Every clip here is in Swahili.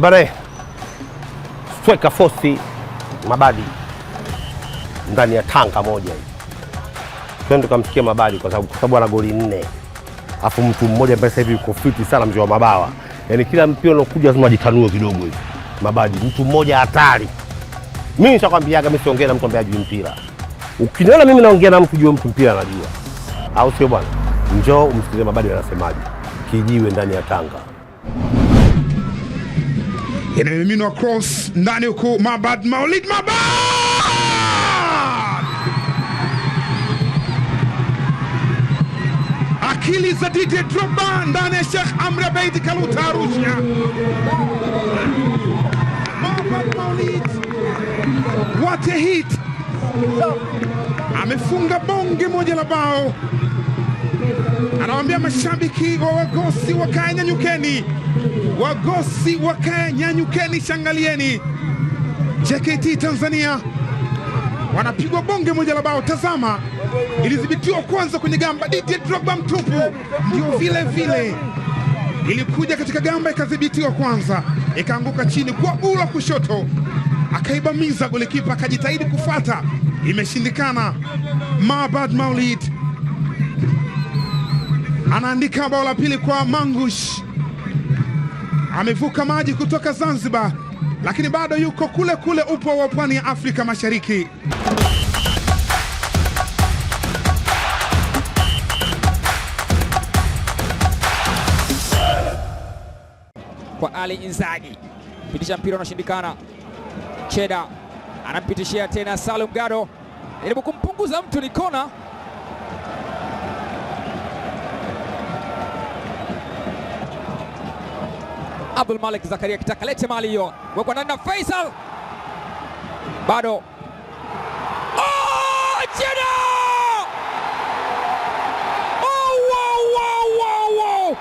bare, sweka fosi Mabadi ndani ya Tanga moja twende tukamsikia Mabadi kwa sababu ana goli nne, afu mtu mmoja ambaye sasa hivi yuko fiti sana, mzee wa mabawa, yaani kila mpira unakuja lazima ajitanue kidogo hivi. Mabadi mtu mmoja hatari. Mimi nishakwambiaga mimi siongee na mtu ambaye ajui mpira. Ukiniona mimi naongea na mtu jua mtu mpira anajua, au sio bwana? Njoo umsikilize Mabadi anasemaje, kijiwe ndani ya Tanga inamiminwa cross ndani huku Mabad Maulid Mabad, akili za DJ Drogba ndani ya Sheikh Amre Abeid Kaluta Arusha. Mabad Maulid, what a hit! Amefunga bonge moja la bao, anawaambia mashabiki wa Wagosi wakanyanyukeni Wagosi wakae, nyanyukeni, shangalieni. JKT Tanzania wanapigwa bonge moja la bao. Tazama, ilidhibitiwa kwanza kwenye gamba, Didier Drogba mtupu, ndio vile vile ilikuja katika gamba ikadhibitiwa kwanza, ikaanguka chini kwa guu kushoto, akaibamiza golikipa, akajitahidi kufata, imeshindikana. Mabad Maulid anaandika bao la pili kwa Mangush amevuka maji kutoka Zanzibar, lakini bado yuko kule kule upo wa pwani ya Afrika Mashariki. Kwa Ali Inzaghi, pitisha mpira unashindikana. Cheda anampitishia tena Salum Gado, jaribu kumpunguza mtu, ni kona Abdul Malik Zakaria kitaka lete mali hiyo, wekwa ndani na Faisal bado oh, chini oh, wow, wow, wow, wow.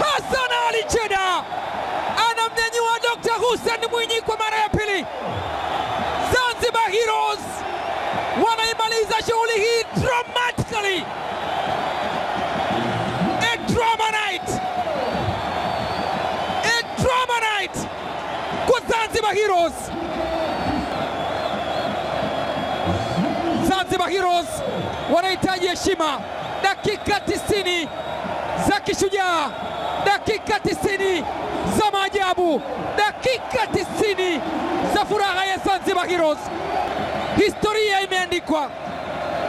Hassan Ali Cheda anamnyanyua Dr. Hussein Mwinyi kwa mara ya pili. Zanzibar Heroes wanaimaliza shughuli hii. Misri et Dramanite kwa Zanzibar Heroes. Zanzibar Heroes wanahitaji heshima. Dakika 90 za kishujaa, dakika 90 za maajabu, dakika 90 za furaha ya Zanzibar Heroes. Historia imeandikwa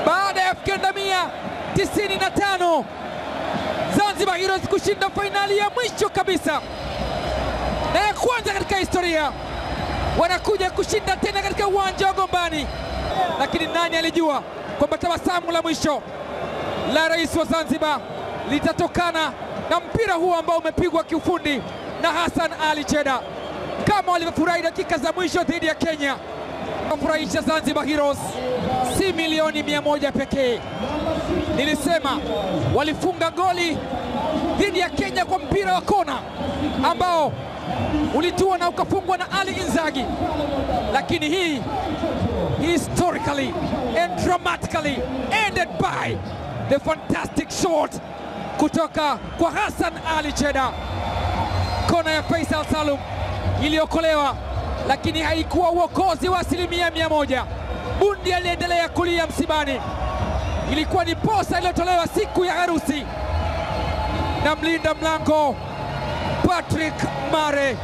baada ya na tano Zanzibar Heroes kushinda fainali ya mwisho kabisa na ya kwanza katika historia, wanakuja kushinda tena katika uwanja wa Gombani. Lakini nani alijua kwamba tabasamu la mwisho la rais wa Zanzibar litatokana na mpira huo ambao umepigwa kiufundi na Hassan Ali Cheda, kama walivyofurahi dakika za mwisho dhidi ya Kenya. Furahisha Zanzibar Heroes si milioni mia moja pekee. Nilisema walifunga goli dhidi ya Kenya kwa mpira wa kona ambao ulitua na ukafungwa na Ali Inzaghi, lakini hii historically and dramatically ended by the fantastic shot kutoka kwa Hassan Ali Cheda, kona ya Faisal Salum iliyokolewa lakini haikuwa uokozi wa asilimia mia moja. Bundi aliendelea kulia msibani, ilikuwa ni posa iliyotolewa siku ya harusi na mlinda mlango Patrick Mare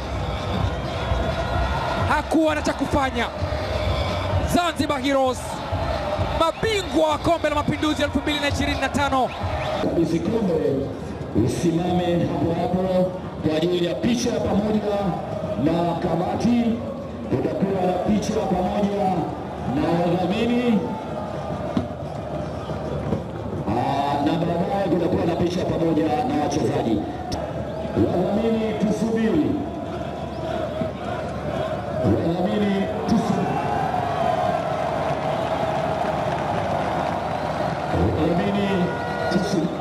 hakuwa na cha kufanya. Zanzibar Heroes mabingwa wa kombe la mapinduzi 2025 isikumbe, isimame hapo hapo kwa ajili ya picha pamoja na kamati, kutakuwa na picha pamoja na wadhamini ah, na baadaye kutakuwa na picha pamoja na wachezaji. Wadhamini tusubiri, wadhamini wadhamini tusubiri.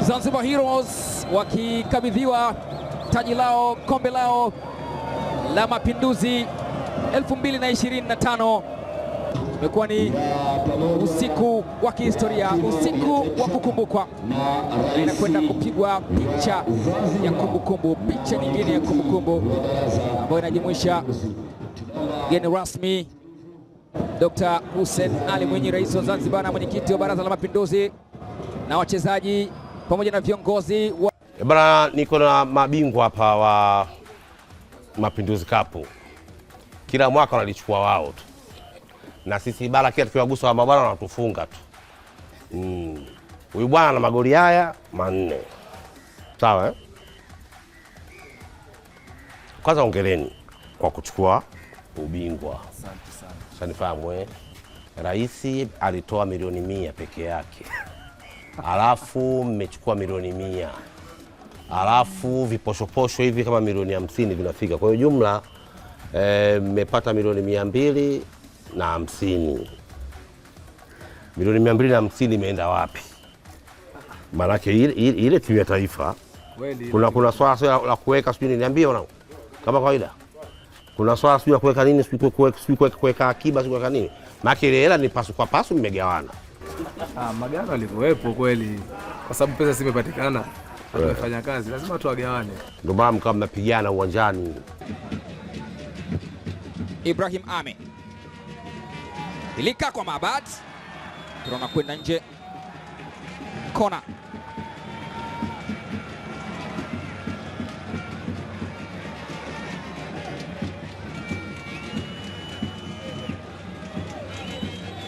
Zanzibar Heroes wakikabidhiwa taji lao, kombe lao la Mapinduzi 2025. Umekuwa ni usiku wa kihistoria, usiku wa kukumbukwa. Inakwenda kupigwa picha ya kumbukumbu, picha nyingine ya kumbukumbu ambayo inajumuisha mgeni rasmi Dr. Hussein Ali Mwinyi, rais wa Zanzibar na mwenyekiti wa Baraza la Mapinduzi, na wachezaji pamoja na viongozi wa Eh, bana, niko na mabingwa hapa wa Mapinduzi Cup. Kila mwaka wanalichukua wao tu, na sisi bara kila tukiwagusa wa mabwana wanatufunga tu. Mm. Huyu bwana na magoli haya manne, sawa eh? Kwanza ongeleni kwa kuchukua ubingwa, sanifahamu eh? Rais alitoa milioni mia peke yake alafu mmechukua milioni mia alafu viposhoposho hivi kama milioni hamsini vinafika. Kwa hiyo jumla eh, mmepata e, milioni mia mbili na hamsini. Milioni mia mbili na hamsini imeenda wapi? Maanake ile, ile timu ya taifa kuna, kuna swala sio la kuweka sijui niambie wanangu, kama kawaida kuna swala sijui la kuweka nini sijui kuweka akiba sijui kuweka nini, maanake ile hela ni pasu kwa pasu mmegawana. Ah, magano alivyowepo kweli, kwa sababu pesa zimepatikana Tumefanya kazi lazima tuwagawane, ndio maana mkawa mnapigana uwanjani. Ibrahim Ame ilika kwa mabad mpira unakwenda nje, kona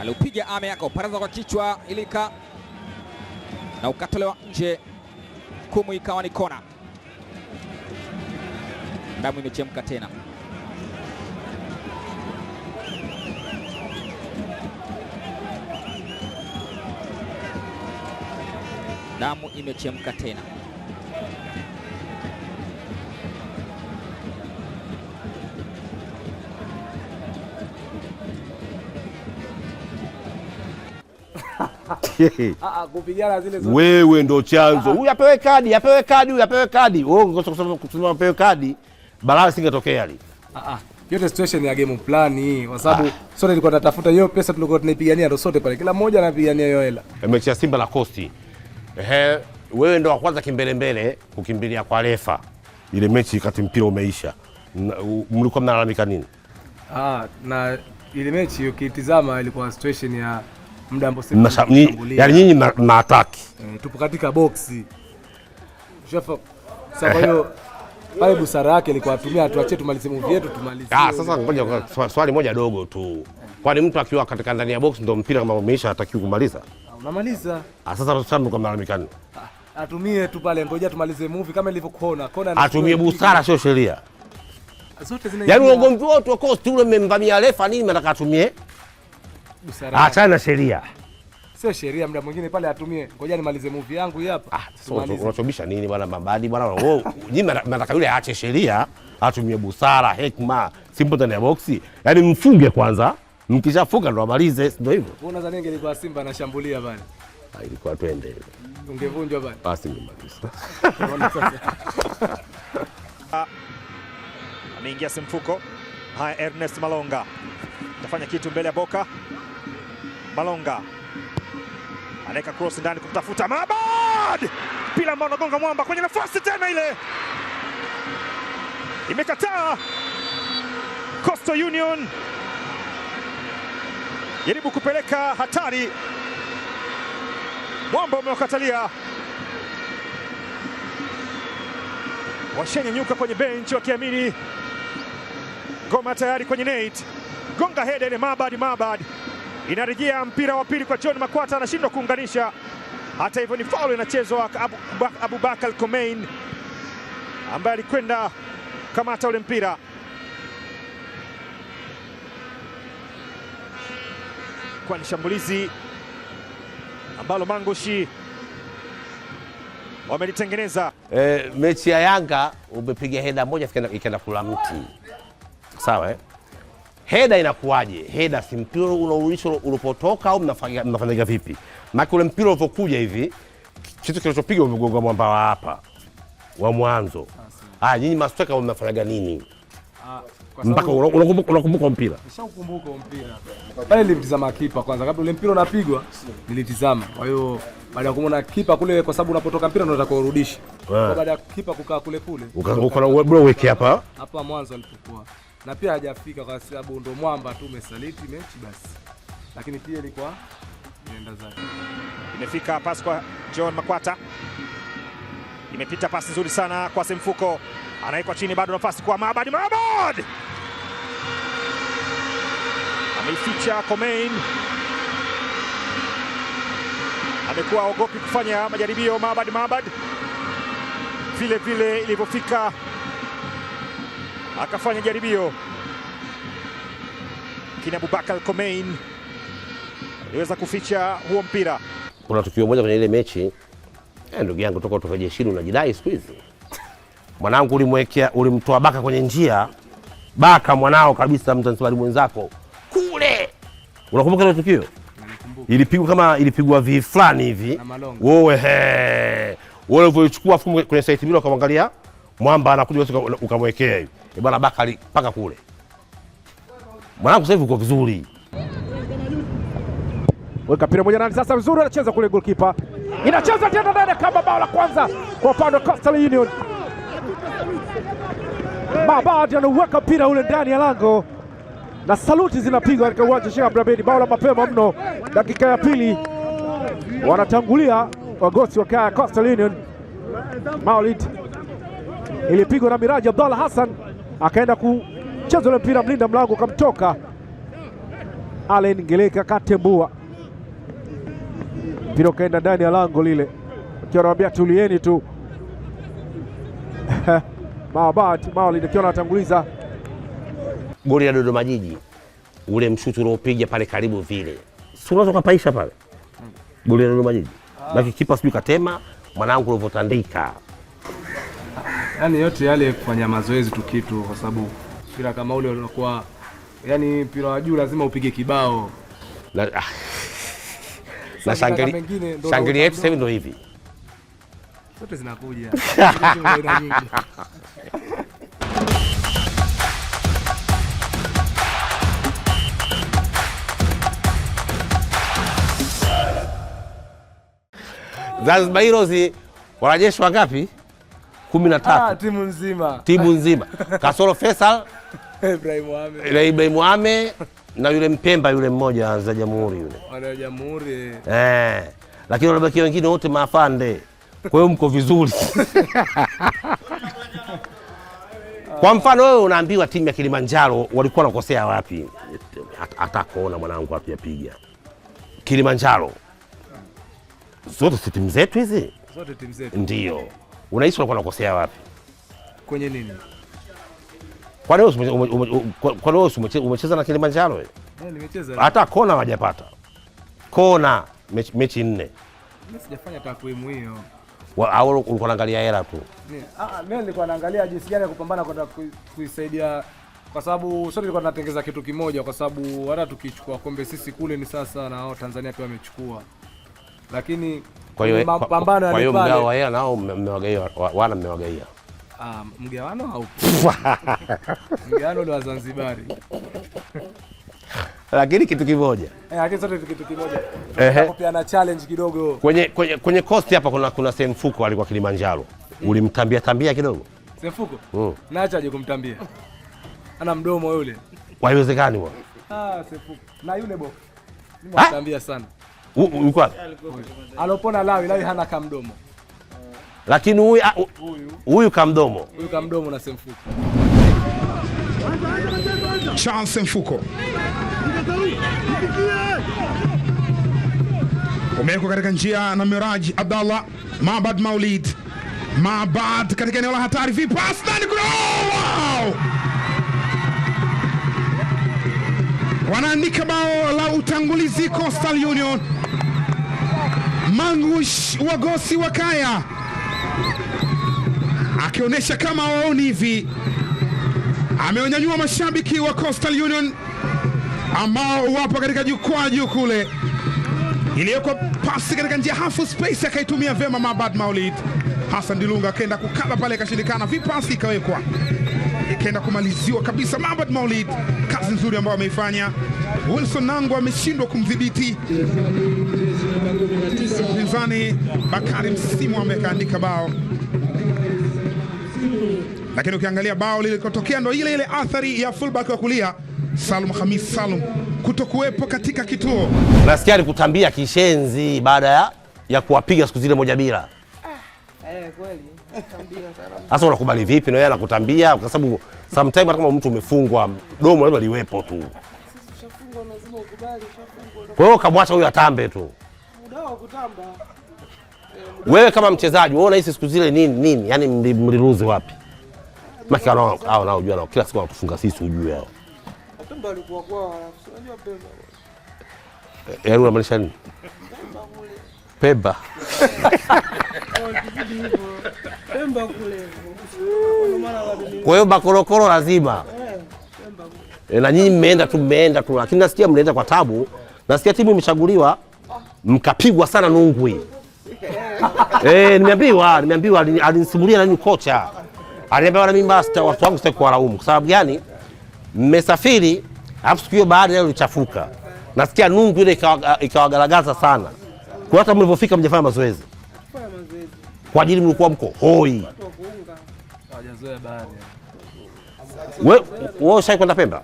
aliupiga Ame, akauparaza kwa kichwa ilika na ukatolewa nje hukumu ikawa ni kona. Damu imechemka tena. Damu imechemka tena. Ah, ah, wewe ndo ah, chanzo. Huyu apewe kadi, apewe kadi, huyu apewe kadi. Kusema apewe kadi, balaa singetokea li yote situation ya game plan hii kwa sababu sote tulikuwa tunatafuta hiyo pesa tulikuwa tunaipigania, ndo sote pale, kila mmoja anapigania hiyo hela. E, mechi ya Simba la Costi, ehe, wewe ndo wa kwanza kimbelembele kukimbilia kwa refa. Ile mechi kati mpira umeisha, mlikuwa mnalalamika nini? Ah, na ile mechi ukitizama ilikuwa situation ya muda ambao sisi tunashambulia. yaani nyinyi na mnaataki. Eh, tupo katika boksi. Sasa hiyo pale busara yake ilikuwa atumia, tuachie tumalize movie yetu tumalize. Ah, sasa ngoja swali moja dogo tu. Kwani mtu akiwa katika ndani ya box ndio mpira kama umeisha hatakiwi kumaliza? Ah, unamaliza. Ah, sasa sasa kama malalamikani. Ah, atumie tu pale, ngoja tumalize movie kama ilivyokuona. Kona atumie busara, sio sheria. Zote zina. Yaani ugomvi wote wa cost ule mmemvamia refa nini mnataka atumie? Ah, achana sheria sio sheria, mda mwingine pale atumie. Ngoja nimalize movie yangu hii hapa. Ah, unachobisha nini bwana Mabadi bwana? Wewe Nataka yule aache sheria, atumie busara, hekima, simple ndani ya boksi. Yaani mfunge kwanza, mkishafunga ndo amalize, ndio hivyo. Wewe unaza nini ingelikuwa Simba anashambulia bwana? Ah, Ilikuwa twende, ungevunjwa bwana. Basi nimalize. Ameingia Simfuko. Haya, Ernest Malonga atafanya kitu mbele ya Boka Malonga anaweka cross ndani kumtafuta Mabad, mpira ambao unagonga mwamba kwenye nafasi tena, ile imekataa. Coastal Union jaribu kupeleka hatari, mwamba umewakatalia. nyuka kwenye benchi wakiamini ngoma tayari kwenye net, gonga heda ile Mabad, Mabad inarejea mpira wa pili kwa John Makwata, anashindwa kuunganisha. Hata hivyo ni faulu inachezwa Abubakar Abu Komein ambaye alikwenda kamata ule mpira. Kwa ni shambulizi ambalo Mangushi wamelitengeneza. E, mechi ya Yanga umepiga heda moja ikaenda kula mti, sawa eh? Heda inakuwaje? Heda si mpira unaurudishwa ulipotoka au mnafanyaga vipi? Maana ule mpira ulivyokuja hivi, kitu kilichopigwa umegonga mwamba wa hapa wa mwanzo. Ah, ah nyinyi masteka mnafanyaga nini? Mpaka unakumbuka mpira. Nishakumbuka mpira. Pale nilimtizama kipa kwanza kabla ule mpira unapigwa, nilitizama. Kwa hiyo baada ya kumuona kipa kule kwa sababu unapotoka mpira ndio utakao urudisha. Ah. Baada ya kipa kukaa kule kule. Ukaona wewe bro weke hapa. Hapa mwanzo alipokuwa na pia hajafika kwa sababu ndo mwamba tu umesaliti mechi basi, lakini pia ilikuwa inaenda zake. Imefika pasi kwa John Makwata, imepita pasi nzuri sana kwa Semfuko, anawekwa chini, bado nafasi kwa Maabad. Maabad ameificha Komein, amekuwa ogopi kufanya majaribio Maabad. Maabad vile vile ilivyofika akafanya jaribio kina Abubakar Komein aliweza kuficha huo mpira. Kuna tukio moja kwenye ile mechi eh, ndugu yangu, toka utoka jeshini unajidai siku hizi mwanangu, ulimwekea ulimtoa baka kwenye njia baka mwanao kabisa, mtanzibari mwenzako kule, unakumbuka ile tukio ilipigwa kama ilipigwa vi fulani hivi, wewe wewe ulivyoichukua kwenye site bila ukamwangalia mwamba anakuja ukamwekea hivi Eh, bwana Bakari mpaka kule. Mwanangu sasa hivi uko vizuri. Weka mpira moja nani sasa vizuri anacheza kule goalkeeper. Inacheza tena ndani kama bao la kwanza kwa upande wa Coastal Union. Mabadi anauweka mpira ule ndani ya lango na saluti zinapigwa katika uwanja Sheikh Amri Abeid. Bao la mapema mno, dakika ya pili wanatangulia wagosi wa Coastal Union. Maulid ilipigwa na Miraji Abdallah Hassan akaenda kucheza ule mpira, mlinda mlango ukamtoka Allen Ngeleka katembua mpira ukaenda ndani ya lango lile, akiwa anawaambia tulieni tu Mawabat Maulid akiwa anatanguliza goli la Dodoma Jiji, ule mshutu uliopiga pale karibu vile, si unaweza ukapaisha pale goli la Dodoma Jiji, lakini kipa sijui katema mwanangu ulivyotandika yani yote yale kufanya mazoezi tu kitu, kwa sababu mpira kama ule unakuwa yani mpira wa juu lazima upige kibao na, ah, na shangili yetu sasa ndio hivi zote zinakuja Zanzibar Heroes wanajeshi wangapi? kumi na tatu ah, timu nzima, timu nzima kasoro Faisal Ibrahim Ame na yule Mpemba yule mmoja za Jamhuri yule wale Jamhuri eh, lakini wanabakia wengine wote maafande. Kwa hiyo mko vizuri. Kwa mfano wewe unaambiwa timu ya Kilimanjaro walikuwa wanakosea wapi? Hata kuona mwanangu hatujapiga Kilimanjaro, zote si timu zetu hizi, zote timu zetu ndio unahisi unakuwa unakosea wapi? Kwenye nini? Kwa leo kwa leo umecheza na Kilimanjaro wewe? Eh, nimecheza. Hata kona hawajapata. Kona mechi nne. Mimi sijafanya takwimu hiyo. Au ulikuwa unaangalia hela tu? Ah, mimi ah, nilikuwa naangalia jinsi gani ya kupambana kwenda kuisaidia kwa sababu sio, nilikuwa natengeza kitu kimoja, kwa sababu hata tukichukua kombe sisi kule ni sasa, na Tanzania pia wamechukua, lakini kwa hiyo kwa hiyo mgao wa hela nao mmewagaia wana mmewagaia Um, ah, mgawano haupo. Mgawano ni wa Zanzibari. Lakini kitu kimoja. Eh, lakini sote kitu kimoja. Eh, pia na challenge kidogo. Kwenye kwenye kwenye coast hapa kuna kuna fuko alikuwa Kilimanjaro. Mm. Ulimtambia tambia kidogo. fuko Mm. Naacha aje kumtambia. Ana mdomo yule. Haiwezekani bwana. Ah, fuko Na yule bo. Nimemtambia sana. Yuko wapi? Alopona Lawi, Lawi hana kamdomo. Lakini huyu huyu kamdomo. Huyu kamdomo na Semfuko. Charles Semfuko. Umewekwa katika njia na Miraj Abdallah, Mabad Maulid. Mabad katika eneo la hatari vipasi ndani kuna wow! Wanaandika bao la utangulizi Coastal Union. Mangush Wagosi Wakaya akionyesha kama waoni hivi, ameonyanyua mashabiki wa Coastal Union ambao wapo katika jukwaa juu kule. Iliyoko pasi katika njia hafu space, akaitumia vema Mabad Maulid Hassan Dilunga akaenda kukaba pale, ikashindikana, vipasi ikawekwa ikaenda kumaliziwa kabisa. Mahamad Maulid, kazi nzuri ambayo ameifanya. Wilson Nangu ameshindwa kumdhibiti mpinzani Bakari Msimu ambaye bao lakini ukiangalia bao lilikotokea ndo ile ile athari ya fullback wa kulia Salum Hamis Salum kutokuwepo katika kituo. Nasikia alikutambia kishenzi baada ya, ya kuwapiga siku zile moja bila. Ah, eh, kweli. Sasa unakubali vipi na yeye anakutambia? Kwa sababu sometimes hata kama mtu umefungwa domo lazima liwepo tu. Kwa hiyo kamwacha huyo atambe tu. Wewe kama mchezaji wewe unahisi siku zile nini nini, yaani mliruzi wapi? Maki hao hao unajua nao kila siku wanatufunga sisi, ujue hao. Pemba alikuwa kwa unajua Pemba. Eh, yaani unamaanisha nini? Pemba. Kwa hiyo bakorokoro lazima e, na nyinyi mmeenda tu mmeenda tu, lakini nasikia mlienda kwa tabu. Nasikia timu imechaguliwa mkapigwa sana Nungwi. E, nimeambiwa nimeambiwa, alinisimulia nani kocha aliambia wana mimi basi watu wangu sitaki kuwalaumu. Kwa sababu gani? Mmesafiri alafu siku hiyo baada ya ilichafuka, nasikia Nungwi ile ikawagaragaza sana kwa hata mlivyofika mjafanya mazoezi kwa ajili mlikuwa mko hoi. Wewe ushai kwenda Pemba?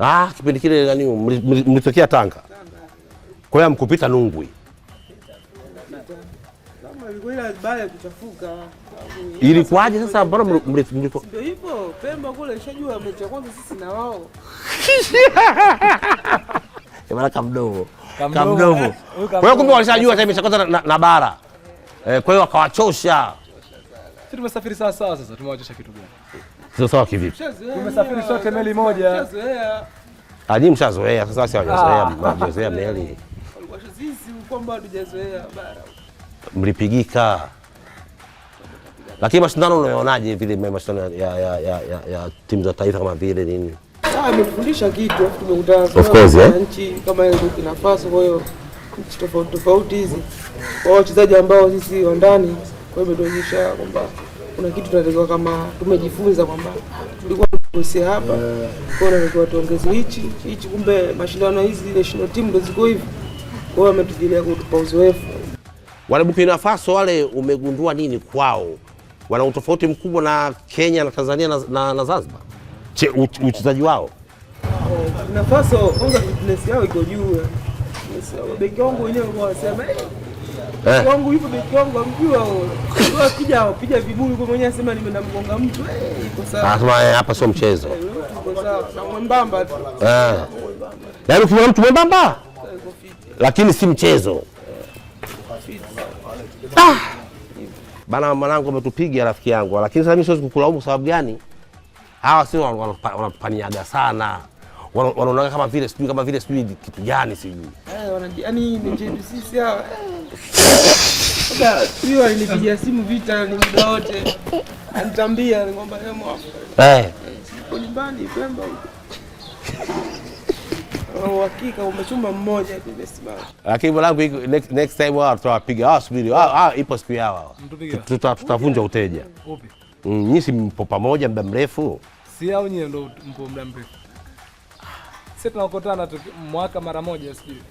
Ah, kipindi kile nani mlitokea Tanga, kwa hiyo mkupita Nungwi Ilikuwaje sasa? Mbona mlipo Pemba kule, shajua mechi ya kwanza sisi na wao maana kamdogo kamdogo. Eh? Kwa hiyo kumbe walishajua sasa hivi na, na bara eh, kwa hiyo wakawachosha. Sisi tumesafiri sawa sawa, sasa tumewachosha kitu gani? Sio sawa kivipi? Eh. Tumesafiri sote meli moja. Eh. Aje ah, mshazoea sasa, si hawajazoea mnazoea ah. meli. Mlipigika. Lakini mashindano unayoonaje, vile mashindano ya ya ya, ya, ya timu za taifa kama vile nini? Ah, amefundisha kitu tumekutana of course eh, nchi kama Burkina Faso, kwa hiyo tofauti tofauti hizi, kwa wachezaji ambao sisi wa ndani, kwa hiyo imetuonyesha kwamba kuna kitu tunatakiwa kama tumejifunza kwamba tulikuwa tunakosea hapa, kwa hiyo tunatakiwa tuongeze hichi hichi, kumbe mashindano hizi national team ndio ziko hivi, kwa hiyo ametujilia kutupa uzoefu. Wale Burkina Faso wale, umegundua nini kwao? Wana utofauti mkubwa na Kenya na Tanzania na, na, na Zanzibar uchezaji wao Nafaso kwanza fitness yao iko juu. Beki wangu wenyewe wanasema eh, eh. wangu yupo beki wangu amjua kwa kija kupiga vibuli kwa mwenyewe anasema nimemgonga mtu eh, iko sawa. Ah, eh, hapa sio mchezo. Iko eh, sawa. Na mwembamba tu. Eh. Yaani ukiona mtu mwembamba lakini si mchezo. Ah. Bana mwanangu ametupiga rafiki yangu, lakini sasa mimi siwezi kukulaumu sababu gani? hawa sio wanapaniaga sana, wanaona kama vile sijui kama vile sijui kitu gani sijui eh, yaani ni JBC hawa. Huyo alinipigia simu vita ni muda wote. Anitambia ngomba leo Eh. Kwa nyumbani Pemba huko. Uhakika umechumba mmoja hivi Lakini bwana wangu next, next time wao tutawapiga. Ah, subiri. Ah, ipo siku yao. Tutavunja uteja. Upi? Nyinyi si mpo pamoja muda mrefu? Si au nyinyi ndo mpo muda mrefu? Sisi tunakutana tu mwaka mara moja sijui.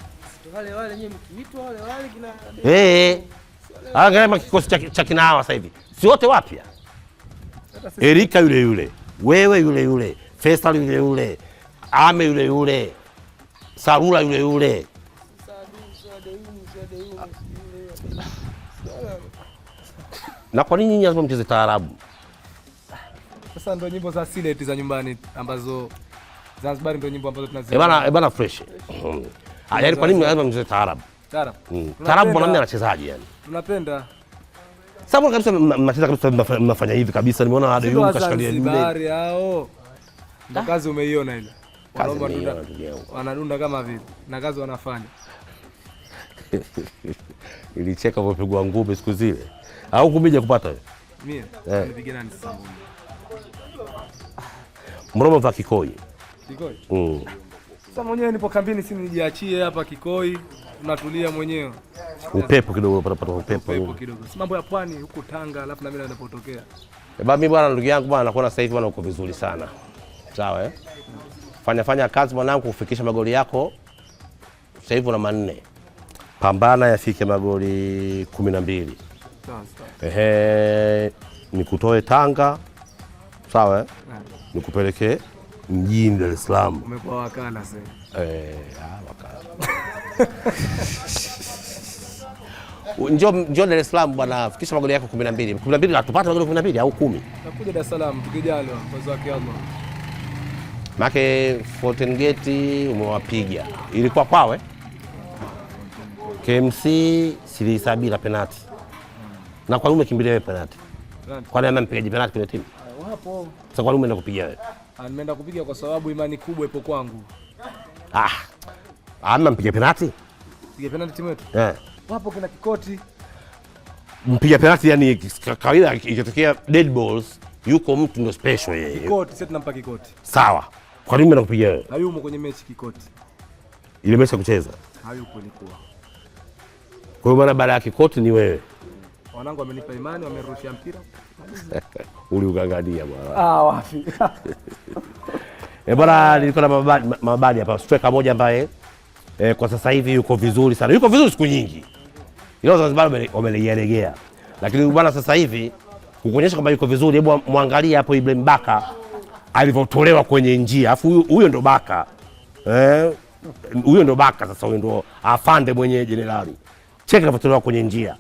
Wale wale nyinyi mkiitwa wale wale kina Eh. eh. Angalia kikosi cha kina hawa sasa hivi. Si wote wapya? Erika yule yule, wewe yule yule, Festal yule yule, Ame yule yule, Sarula yule yule. Na kwa nini nyinyi lazima mcheze taarabu? Sasa ndo nyimbo za Sileti za nyumbani ambazo Zanzibar ndo nyimbo ambazo tunazi. Eh, bana eh, bana fresh. Mm. Ah, yani kwa nini lazima mzee taarab? Taarab. Mm. Taarab mwanamume anachezaje yani? Tunapenda. Sasa kabisa mnacheza kabisa mnafanya hivi kabisa. Nimeona hadi yule mkashikalia nne. Zanzibar hao. Ah. Ndio kazi umeiona ile. Kazi Wanadunda kama vile na kazi wanafanya. Ilicheka kwa pigwa ngumi siku zile. Au kumija kupata wewe? Mimi. Eh. Nipige nani sasa Mromova Kikoi. Kikoi? Mm. Sasa mwenyewe nipo kambini, si nijiachie hapa Kikoi, unatulia mwenyewe. Upepo kidogo pata pata upepo. Upepo kidogo. Si mambo ya pwani huko Tanga, alafu na mimi ninapotokea. Eh, bwana mimi bwana ndugu yangu bwana nakuona sasa hivi bwana uko vizuri sana. Sawa eh? Fanya fanya kazi mwanangu kufikisha magoli yako. Sasa hivi una manne. Pambana yafike magoli kumi na mbili. Sawa sawa. Ehe, nikutoe Tanga sawa eh? Ah. Nikupelekee mjini Dar es Salaam. Umekuwa wakala sasa. Eh, ah wakala. Njoo njoo Dar es Salaam bwana, fikisha magoli yako 12. 12 atupata magoli 12 au 10. Nakuja Dar es Salaam tukijaliwa kwa ya Allah. Make Fountain Gate umewapiga. Ilikuwa kwawe. Eh? KMC silihesabi la penalti. Na kwa nini umekimbilia wewe penalti? Kwani ana mpigaji penalti kwenye timu? hapo. Sasa kwa nini umeenda kupiga wewe? Ah, nimeenda kupiga kwa sababu imani kubwa ipo kwangu. Ah. Ama mpiga penalti? Mpiga penalti timu yetu? Eh. Wapo kina Kikoti. Mpiga penalti yani kawaida ikitokea dead balls yuko mtu ndio special yeye. Kikoti sasa tunampa Kikoti. Sawa. Kwa nini umeenda kupiga wewe? Hayumo kwenye mechi Kikoti. Ile mechi ya kucheza? Hayupo, ilikuwa. Kwa hiyo maana baada ya Kikoti ni wewe. Wanangu wamenipa imani, wamerushia mpira uliugangania bwana. Ah, wapi eh bwana, nilikuwa na mabadi mabadi hapa, striker moja ambaye eh, kwa sasa hivi yuko vizuri sana, yuko vizuri siku nyingi, ila Zanzibar wamelegea, lakini bwana sasa hivi kukuonyesha kwamba yuko vizuri, hebu mwangalie hapo Ibrahim Baka alivyotolewa kwenye njia, afu huyo ndo Baka eh, huyo ndo Baka sasa, huyo ndo afande mwenye jenerali, cheka alivyotolewa kwenye njia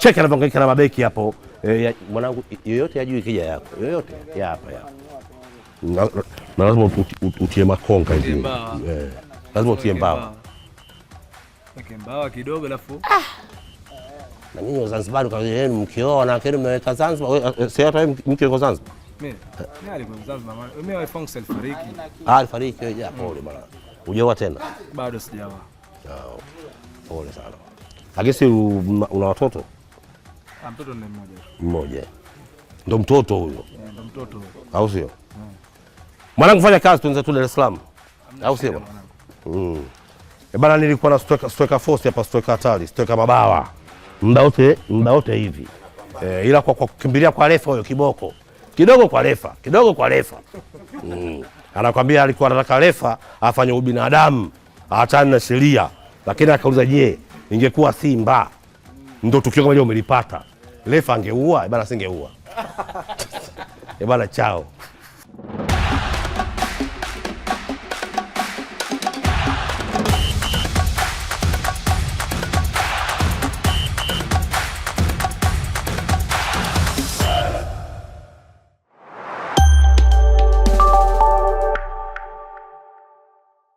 Cheki anavyohangaika na mabeki hapo. Eh, mwanangu yoyote ajui kija yako yoyote ya hapa ya na, lazima utie makonga hivi eh, lazima utie mbawa mbawa kidogo, alafu ah. na nyinyi Wazanzibari kazi mkioa wanawake mmeweka Zanzibar. Eh, si hata mke yuko Zanzibar, alifariki wewe. Ah, mm. Pole bwana, hujaoa tena? Bado sijaoa. Ah, pole sana. Lakini si una watoto? Ah, mtoto ni mmoja mmoja, ndo mtoto huyo, eh, ndo mtoto au sio? Eh. Mwanangu fanya kazi, tunza tu Dar es Salaam, au sio? Mm. E bana, nilikuwa na stoka stoka force hapa, stoka hatari, stoka mabawa muda wote, muda wote hivi e, ila kwa, kwa kukimbilia kwa refa huyo kiboko kidogo kwa refa kidogo kwa refa mm. Anakwambia alikuwa anataka refa afanye ubinadamu aachane na sheria, lakini akauliza, je, ingekuwa Simba ndo tukio kama umelipata Lefa angeua bana, singeua bana chao